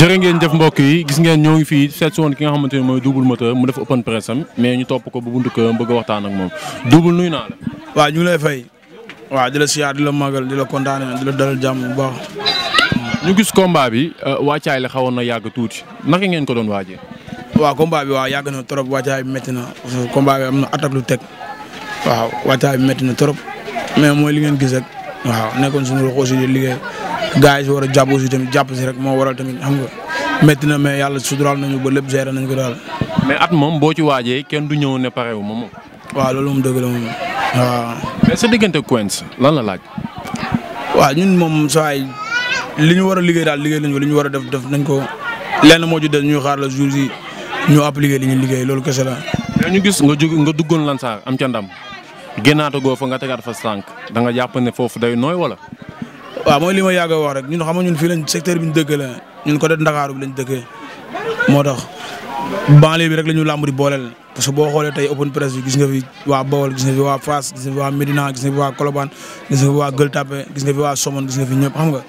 jërë ngeen jëf mbokk yi gis ngeen ñoo ngi fii seet si woon ki nga xamante ne mooy double moteur mu def open press mais ñu topp ko bu buntu këram bëgg waxtaan ak moom double nuyu naa la. waaw ñu lay fay. waaw di la siyaar di la màggal di kontaanee di dalal jàmm baax. ñu gis combat bi euh, wàccaay la xawoon na yàgg tuuti naka ngeen ko doon waajee. waaw combat bi waaw yàgg na trop wàccaay bi métti na bi am na attaque lu teg waaw wàccaay bi métti na trop mais mooy li ngeen gis rek waaw nekkoon suñu loxo aussi di liggéey gars yi war a jàpp tamit jàpp si rek moo waral tamit xam nga métti na mais yàlla suturaal nañu ba lépp gérer nañ ko daal. mais at moom boo ci waajee kenn du ñëw ne pare wu ma moom. waaw loolu moom dëgg la moom mais sa diggante Quench lan la laaj. waaw ñun moom saa li ñu war a liggéey daal li ñu war a def def nañ ko lenn moo ci des ñuy xaar la jours yi ñu appliqué li ñu liggéey loolu kese la. mais ñu gis nga nga duggoon Lansar am ca ndam génnaatagoo fa nga tegaat fa sànq da nga jàpp ne foofu day nooy wala. waa mooy li ma yàgg wax rek ñun xam nga ñun fii lañ secteur bi ñu dëkk la ñun côté Ndakaaru bi lañ dëkkee moo tax banlieue bi rek la ñu làmb di booleel parce que boo xoolee tey open press gis nga fi waa Bawol gis nga fi waa Fass gis nga fi waa Médina gis nga fi waa Colobane gis nga fi nga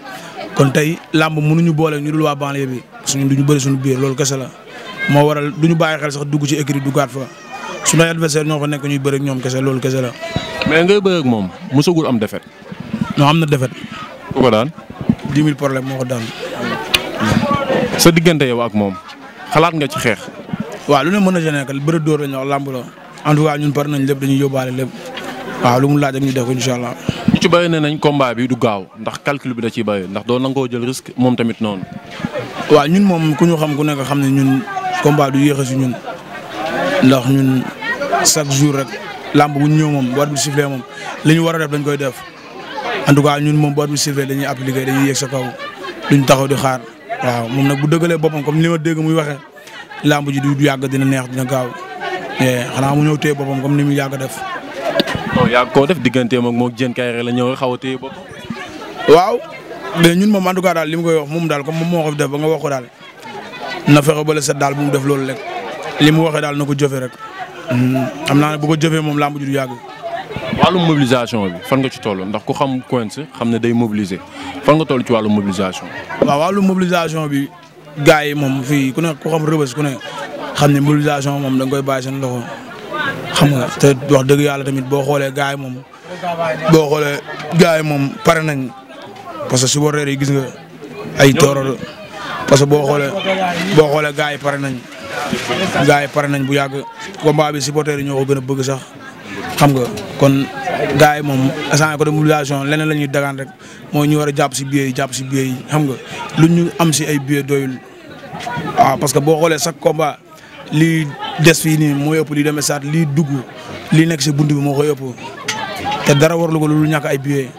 kon tey làmb mënuñu boole ñu dul waa banlieue bi parce que ñun bëri suñu biir loolu kese la moo waral duñu bàyyi xel sax dugg ci écrit duggaat fa suñu adversaire ñoo fa nekk ñuy bëri ak ñoom kese loolu kese la. mais ngay bëri moom mosagul am defet. non am na defet. ku ko daan. 10 000 moo ko daan. sa diggante yow moom xalaat nga ci xeex. waaw lu ne mën a génne que bëri dóor la ñu làmb la en tout cas ñun par nañ lépp dañuy yóbbaale lépp waaw lu mu laaj ak ñu def ko allah. ci bëri ne nañ combat bi du gaaw ndax calcul bi da ciy bëri ndax doo nangoo jël risque moom tamit noonu. waaw ñun moom ku ñu xam ku nekk xam ne ñun combat du yéex a si ñun ndax ñun chaque jour rek lamb bu ñu ñëw moom bu war bi sifflé moom li ñu war a def dañ koy def en tout cas ñun moom bu war bi sifflé dañuy appliqué dañuy yéeg sa kaw duñ taxaw di xaar waaw moom nag bu dëggalee boppam comme li ma dégg muy waxe lamb ji du yàgg dina neex dina gaaw eh, xanaa mu ñëw téye boppam comme ni muy yàgg def. non oh, yaa koo def diggante ak moom Diène Kaïré la ñëw xaw a téye boppam. waaw mais ñun moom en tout cas daal li mu koy wax moom daal comme moom moo ko def ba nga ko daal na fexe ba la set daal bu mu def loolu rek li mu waxee daal na ko jëfee rek. Hmm, xam naa ne bu ko jëfee moom lamb ji du yàgg. wàllum mobilisation bi fan nga ci toll ndax ku xam Quench xam ne day mobiliser fan nga toll ci wàllum mobilisation. waaw wàllum mobilisation bi gars yi moom fii ku ne ku xam rëbës ku ne xam ne mobilisation moom da koy koy bàyyi na loxo. xam nga te wax dëgg yàlla tamit boo xoolee gaay moom boo xoolee gaay moom pare nañ parce que supporters yi gis nga ay tooro parce que boo xoolee boo xoolee gaay yi pare nañ gaay pare nañ bu yàgg combat bi supporters yi ñoo ko gën a bëgg sax xam nga kon gaay yi moom instant ko de leneen la ñuy dagaan rek mooy ñu war a jàpp si billet yi jàpp si billet yi xam nga lu ñu am si ay billet doyul waaw parce que boo xoolee chaque combat. lii des fii nii moo ëpp lii dem stade lii dugg lii nekk si bunt bi moo koy ëpp te dara warlu ko lu ñàkk ay billets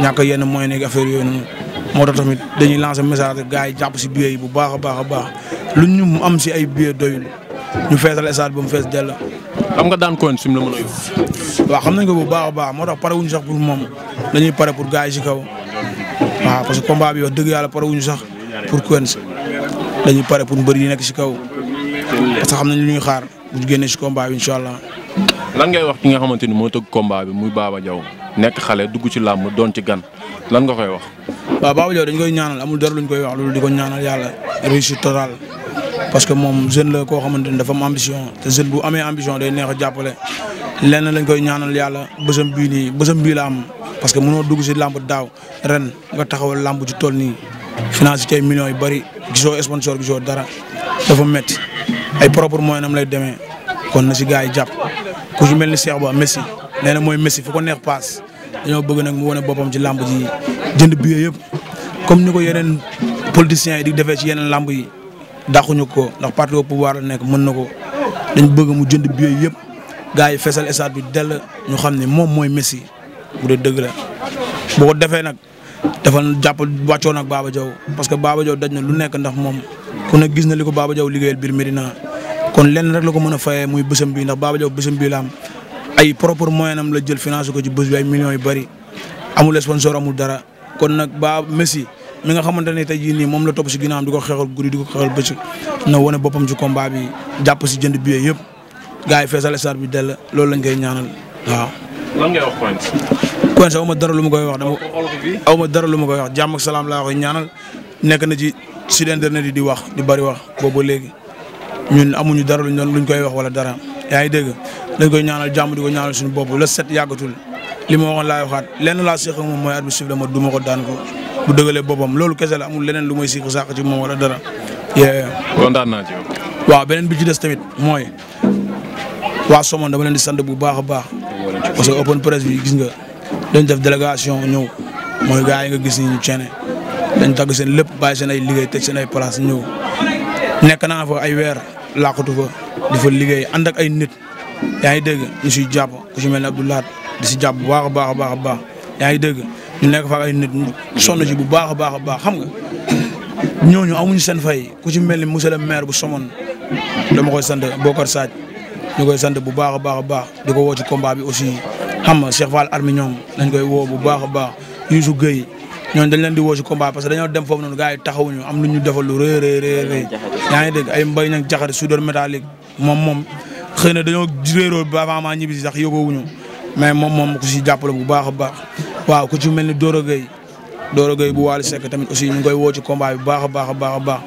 ñàkk yenn moyens nekk affaire yooyu noonu moo tax tamit dañuy lancer message gars yi jàpp si billets yi bu baax baax a baax lu ñu mu am si ay billets doyul ñu feesal stade ba mu fees dell. xam nga daan koon fi mu la mën a yóbbu. waaw xam nañ ko bu baax a baax moo tax pare wuñ sax pour moom dañuy pare pour gars yi si kaw waaw parce que combat bi wax dëgg yàlla pare wuñ sax pour Quench dañuy pare pour mbër yi nekk si kaw. parce que xam nañ lu xaar bu si combat bi allah. lan ngay wax ki nga xamante ni moo tëgg combat bi muy Baba Diaw nekk xale dugg ci làmb doon ci gan lan nga koy wax. waaw Baba Diaw dañ koy ñaanal amul dara luñ koy wax loolu di ko ñaanal yàlla réussite totale parce que moom jeune la koo xamante ni dafa am ambition te jeune bu amee ambition day neex a jàppale lenn lañ koy ñaanal yàlla bësam bii nii bësam bii la am parce que munoo dugg si làmb daaw ren nga taxaw làmb ci tool nii financé ci ay yu bëri gisoo sponsor gisoo dara dafa métti ay propre moyen am lay demee kon na si gars yi jàpp ku ci mel ni Cheikh Ba Messi nee na mooy Messi fu ko neex paas dañoo bëgg nag mu wane boppam ci làmb ji jënd billet yëpp comme ni ko yeneen politiciens yi di defee ci yeneen làmb yi dàquñu ko ndax parti au pouvoir nekk mën na ko dañ bëgg mu jënd billet yëpp gars yi fesal stade bi dell ñu xam ne moom mooy Messi bu dee dëgg la boo defee nag dafa jàpp wàccoon ak Baba Diaw parce que Baba Diaw daj na lu nekk ndax moom. kon nekk gis na li ko Baba Diaw liggéeyal biir Medina kon lenn rek la ko mën a fayee muy bésam bi ndax Baba Diaw bésam bi la am ay propre moyen nam la jël financé ko ci bés bi ay millions yu bëri amul sponsor amul dara kon nag baa Messi mi nga xamante ne tey jii nii moom la topp si ginnaawam di ko xeexal guddi di ko xeexal bëccëg na wane boppam ci combat bi jàpp si jënd billet yëpp gars yi feesal stade bi dell loolu lañ koy ñaanal waaw. lan ngay wax Quench. ma dara lu koy wax dama aw ma dara lu ma koy wax jàmm ak salaam laa koy nekk na ci si internet yi di wax di bari wax boobu léegi ñun amuñu dara luñ doon luñ koy wax wala dara yaa ngi dégg dañ koy ñaanal jàmm di ko ñaanal suñu bopp la set yàggatul li ma waxoon laay waxaat lenn laa séq ak moom mooy arbitre siffle ma duma ko daan ko bu dëgalee boppam loolu kese la amul leneen lu may siq sàq ci moom wala dara. kontaan naa ci waaw beneen bi ci des tamit mooy waa Somone dama leen di sant bu baax a baax. parce que open press bi gis nga dañ def délégation ñëw mooy gars yi nga gis ni ñu dañ dagg seen lépp bàyyi seen ay liggéey tëj seen ay place ñëw nekk naa fa ay weer làqatu fa di fa liggéey ànd ay nit yaa ngi dégg ñu siy jàpp ku si mel ne laat di si jàpp bu baax a baax a baax a baax yaa ngi dégg ñu nekk fa ay nit ñu sonn si bu baax a baax a baax xam nga ñooñu amuñu seen fay ku si mel ni monsieur le maire bu Somone dama koy sant Bokar Sadj ñu koy sant bu baax a baax a baax di ko woo ci combat bi aussi xam nga Cheikh Fall Armi dañ koy woo bu baax a baax Youssou Gueye ñooñu dañ leen di woo si combat parce que dañoo dem foofu noonu gars yi taxawuñu am lu ñu defal lu rëy rëy rëy rëy yaa ngi dégg ay mbay nag jaxar soudeur métallique moom moom xëy na dañoo réeroo ba avant maa ñibbi si sax yëgoowuñu mais moom moom ku si jàppale bu baax a baax waaw ku ci mel ni Doro Gueye Doro Gueye bu Waly Seck tamit aussi ñu ngi koy woo ci combat bi baax a baax a baax a baax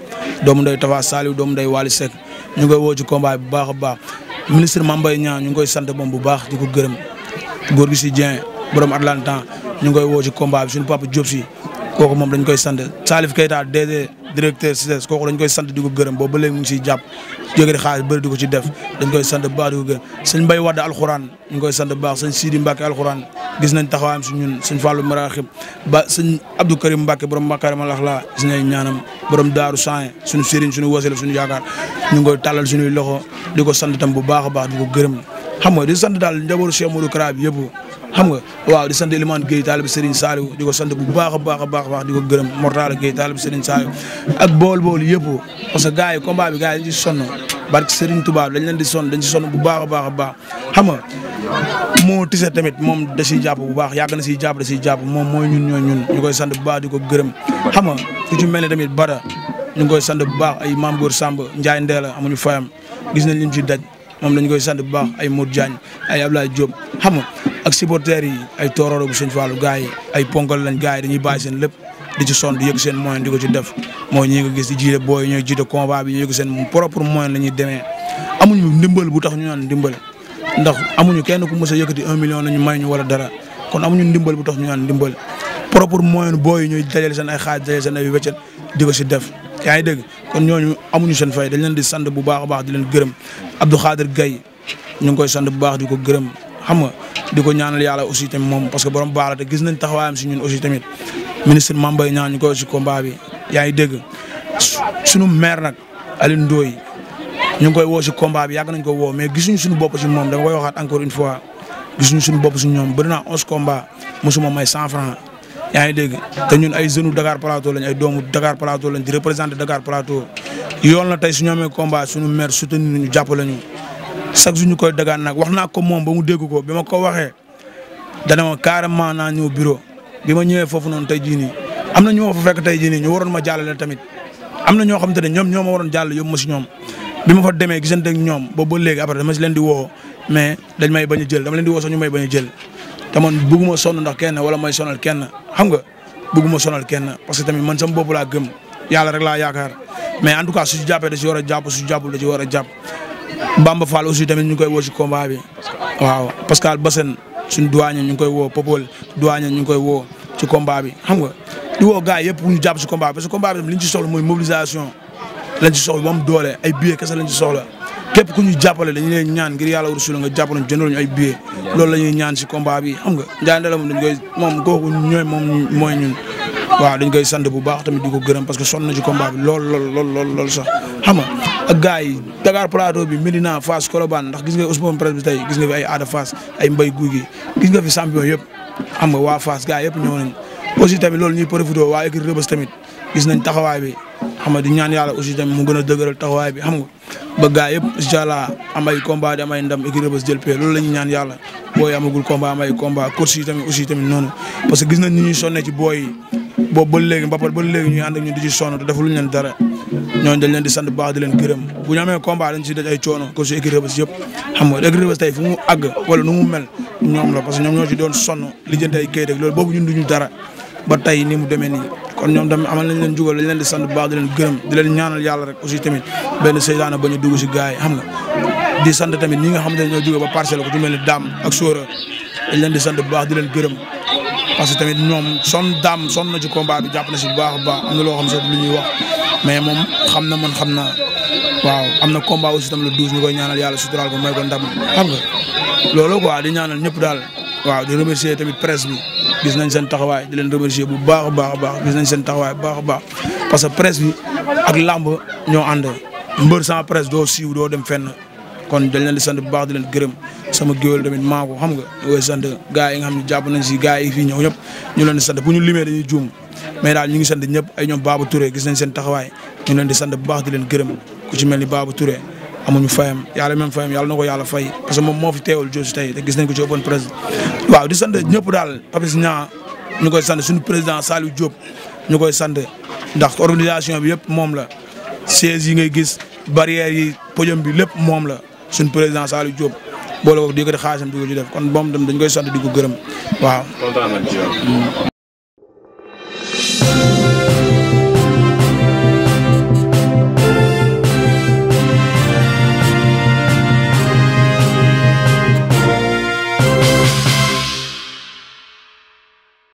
doomu nday Tafa Saliou doomu nday Waly Seck ñu ngi koy woo ci combat bi bu baax a baax ministre Mame Mbaye Niang ñu ngi koy sant moom bu baax di ko gërëm góor gi si Dieng borom Atlantan ñu ngi koy woo ci combat bi suñu papa Diop kooku moom dañ koy sant Salif Keita DG directeur CICES kooku dañ koy sant di gërëm boobu ba léegi mu ngi siy jàpp jóge di xaalis bëri ko ci def dañ koy sant bu baax di ko gërëm sëñ Mbaye ñu ngi koy sant bu baax sëñ Sidi Mbacke alxuraan gis nañ taxawaayam si ñun sëñ Fallou Maraxib ba sëñ Abdou Karim Mbacke borom Makarimal Axlaa gis nañ ñaanam borom daaru Sane suñu sëriñ suñu wasila suñu yaakaar ñu ngi koy tàllal suñuy loxo di ko sant tam bu baax a baax di ko gërëm xam nga di sant daal njabootu Cheikh Modou Kara bi yëpp xam nga waaw di sant Elimane Gueye taalib Serigne Saliou di ko sant bu baax a baax a baax di ko gërëm Mortala Gueye taalib Serigne Saliou ak bool-bool yëpp parce que gars yi combat bi gars yi dañ ci sonn barke dañ leen di sonn dañ ci bu baax baax a baax xam nga moo tise tamit moom da si jàpp bu baax yàgg na siy jàpp da siy jàpp moom mooy ñun ñoo ñun ñu koy sant bu baax di ko gërëm xam nga ku mel ni tamit bara ñu ngi koy sant bu baax ay Mame Samb Ndiaye Ndéla amuñu fayam gis nañ lim ci daj moom dañu ko sant bu baax ay Modou Diagne ay Ablaye Diop xam ak supporters yi ay Toororo a Sëñ Fallou gars yi ay ponkal lañ gars yi dañuy bàyyi seen lépp di ci sonn di yëg seen moyen di ko ci def mooy ñi nga gis di jiite booy ñooy jiite combat bi ñu yëg seen propre moyen la ñuy demee amuñu ndimbal bu tax ñu naan ndimbal ndax amuñu kenn ku mës a yëkkati un million lañu may ñu wala dara kon amuñu ndimbal bu tax ñu naan ndimbal propre moyen booy ñooy dajale seen ay xaaj dajale seen ay weccet di ko si def yaa ngi dégg kon ñooñu amuñu seen fay dañ leen di sant bu baax a baax di leen gërëm Abdou Khadir gay ñu ngi koy sant bu baax di ko gërëm xam nga di ko ñaanal yàlla aussi tamit moom parce que borom baax la te gis nañ taxawaayam si ñun ausi tamit ministre Mame Mbaye ñu koy si combat yaa ngi dégg suñu maire nag Alioune Ndoye ñu ngi koy woo si combat bi yàgg nañ ko woo mais gisuñu suñu bopp si moom dama koy waxaat encore une fois gisuñu suñu bopp si ñoom bëri naa onze combat mosuma may cent franc yaa ngi dégg te ñun ay jeunes Dakar Plateau lañ ay doomu Dakar Plateau lañ di représenter Dakar Plateau yoon la tey su ñu amee combat suñu maire nu ñu jàppale ñu chaque jour ñu koy dagaan nag wax naa ko moom ba mu dégg ko bi ma ko waxee dana ma carrément naa buro bureau bi ma ñëwee foofu noonu tey jii nii am na ñoo fa fekk tey jii nii ñu waroon ma jàllale tamit am na ñoo xam te ne ñoom ñoo ma waroon jàll yóbbu ma si ñoom bi ma fa demee gisante ak ñoom ba ba léegi après dama si leen di woo mais dañ may bañ a jël dama leen di woo sax ñu may bañ a jël te man bëgguma sonn ndax kenn wala may sonal kenn xam nga bëgguma sonal kenn parce que tamit man sama bopp laa gëm yàlla rek laa yaakaar mais en tout cas su jàppee da ci war a jàpp su jàppul da ci war a jàpp Bamba Fall aussi tamit ñu koy woo ci combat bi waaw Pascal Bassène suñu doyen ñu ngi koy woo Popol doyen ñu ngi koy woo ci combat bi xam nga di woo gars yëpp ñu jàpp ci combat bi parce que combat bi tamit li ñu ci soxla mooy mobilisation lañ ci soxla ba mu doole ay billets kese la ci soxla. képp ku ñu jàppale dañu leen ñaan ngir yàlla rasul nga jàppale ñu jëndal ñu ay billets lool la ñuy ñaan si combat bi xam nga Ndiaye Ndella moom dañ koy moom kooku ñooy moom mooy ñun waaw dañ koy sant bu baax tamit di ko gërëm parce que sonn na ci combat bi lool lool lool lool lool sax xam nga ak gars yi Dakar Plateau bi Medina Fass Colobane gis nga Ousmane tey gis nga fi ay Ada Fass ay Mbaye Gouy Gui gis nga fi champion yëpp xam nga waa Fass gars yëpp ñëw nañ aussi tamit loolu ñuy profité waa équipe Rebeuss tamit gis nañ taxawaay bi xam nga di ñaan yàlla aussi tamit mu gën a dëgëral taxawaay bi xam nga ba gaa yëpp incha allah am ay combat di am ay ndam écurie Rebeuss jël pee loolu la ñaan yàlla booy amagul combat am ay combat course yi tamit aussi tamit noonu parce que gis nañ ni ñuy sonne ci booy boobu ba ñu ba pare ba léegi ñuy ànd ak ñun di ci sonn leen dara sant bu baax di leen gërëm bu ñu amee combat dañ si daj ay coono ko si écurie Rebeuss yëpp xam nga écurie tey fu mu àgg wala nu mu mel ñoom la parce que ñoom ñoo ci doon sonn lijjanti ay kayit loolu boobu ñun duñu dara ba tey ni mu demee nii kon ñoom tamit amal nañ leen jubal dañ leen di sant bu baax di leen gërëm di leen ñaanal yàlla rek aussi tamit benn seytaane bañ a dugg si gars yi xam nga di tamit ñi nga xam ne ñoo jóge ba parcelle ko ci mel ni daam ak sóora dañ leen di sant bu baax di leen gërëm parce que tamit ñoom son daam son na ci combat bi jàpp na si bu baax a baax am na loo xam sax lu ñuy wax mais moom xam na man xam na waaw am na combat aussi tamit le douze ñu koy ñaanal yàlla suturaal ko may ko ndam xam nga loolu quoi di ñaanal ñëpp daal waaw di remercier tamit presse gis nañ seen taxawaay di leen remercier bu baax a baax a baax gis nañ seen baax a que presse ak lamb ñoo ànd mbër sans presse doo siiw doo dem fenn kon dañ leen di sant bu baax di leen gërëm sama géwél tamit maa ko xam nga wooy sant gars yi nga xam ne jàpp nañ si gars yi fii ñëw ñëpp ñu leen di bu ñu limee dañuy juum mais daal ñu ngi sant ñëpp ay ñoom Babou Touré gis nañ seen taxawaay ñu leen di sant bu baax di leen gërëm ku mel ni Babou Touré amuñu fayam yàlla même fayam yàlla na ko yàlla fay parce que moom moo fi teewal Diop si tey te gis nañ ko ci open waaw di sant ñëpp daal Papis Niang ñu koy sant suñu président Saliou Diop ñu koy sant ndax organisation bi yëpp moom la sièges yi ngay gis barrières yi podium bi lépp moom la suñu président Saliou Diop boole ko di ko di xaasam di ko ci def kon moom tam dañ koy sant di ko gërëm waaw.